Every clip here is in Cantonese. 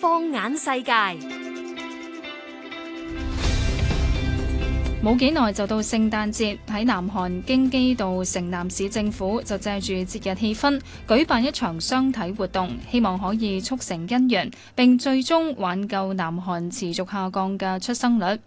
放眼世界，冇幾耐就到聖誕節。喺南韓京畿道城南市政府就借住節日氣氛，舉辦一場相睇活動，希望可以促成姻緣，並最終挽救南韓持續下降嘅出生率。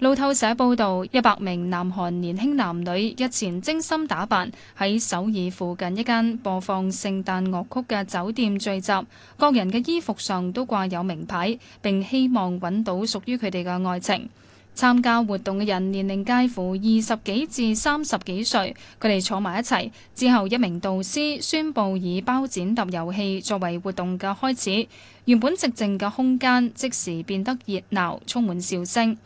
路透社報道，一百名南韓年輕男女日前精心打扮，喺首爾附近一間播放聖誕樂曲嘅酒店聚集。各人嘅衣服上都掛有名牌，並希望揾到屬於佢哋嘅愛情。參加活動嘅人年齡介乎二十幾至三十幾歲，佢哋坐埋一齊，之後一名導師宣布以包剪揼遊戲作為活動嘅開始。原本寂靜嘅空間即時變得熱鬧，充滿笑聲。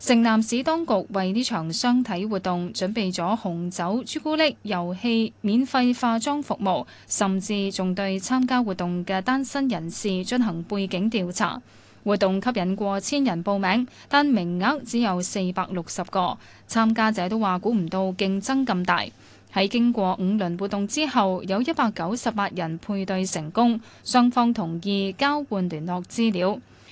城南市當局為呢場相睇活動準備咗紅酒、朱古力、遊戲、免費化妝服務，甚至仲對參加活動嘅單身人士進行背景調查。活動吸引過千人報名，但名額只有四百六十個。參加者都話估唔到競爭咁大。喺經過五輪活動之後，有一百九十八人配對成功，雙方同意交換聯絡資料。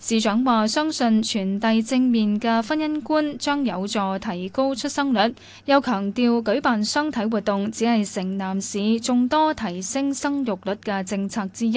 市長話：相信傳遞正面嘅婚姻觀將有助提高出生率，又強調舉辦相睇活動只係城南市眾多提升生育率嘅政策之一。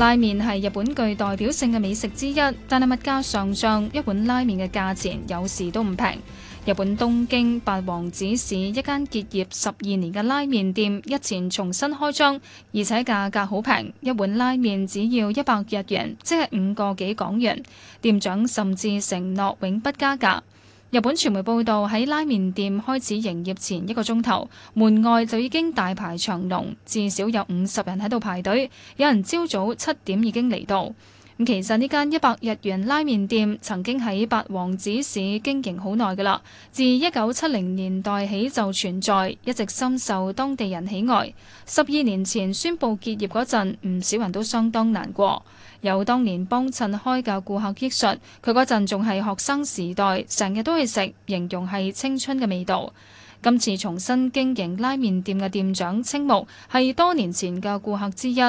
拉麵係日本具代表性嘅美食之一，但係物價上漲，一碗拉麵嘅價錢有時都唔平。日本東京八王子市一間結業十二年嘅拉麵店日前重新開張，而且價格好平，一碗拉麵只要一百日元，即係五個幾港元。店長甚至承諾永不加價。日本傳媒報道，喺拉麵店開始營業前一個鐘頭，門外就已經大排長龍，至少有五十人喺度排隊，有人朝早七點已經嚟到。咁其實呢間一百日元拉麵店曾經喺八王子市經營好耐㗎喇，自一九七零年代起就存在，一直深受當地人喜愛。十二年前宣布結業嗰陣，唔少人都相當難過。有當年幫襯開嘅顧客憶述，佢嗰陣仲係學生時代，成日都會食，形容係青春嘅味道。今次重新經營拉麵店嘅店長青木係多年前嘅顧客之一。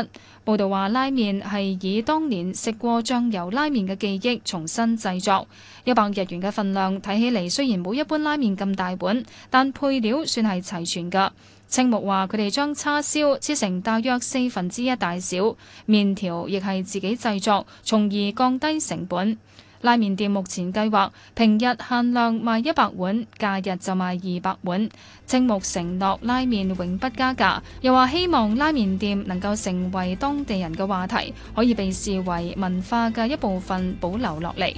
報道話拉麵係以當年食過醬油拉麵嘅記憶重新製作，一百日元嘅份量睇起嚟雖然冇一般拉麵咁大碗，但配料算係齊全嘅。青木話佢哋將叉燒切成大約四分之一大小，麵條亦係自己製作，從而降低成本。拉麵店目前計劃平日限量賣一百碗，假日就賣二百碗。青木承諾拉麵永不加價，又話希望拉麵店能夠成為當地人嘅話題，可以被視為文化嘅一部分保留落嚟。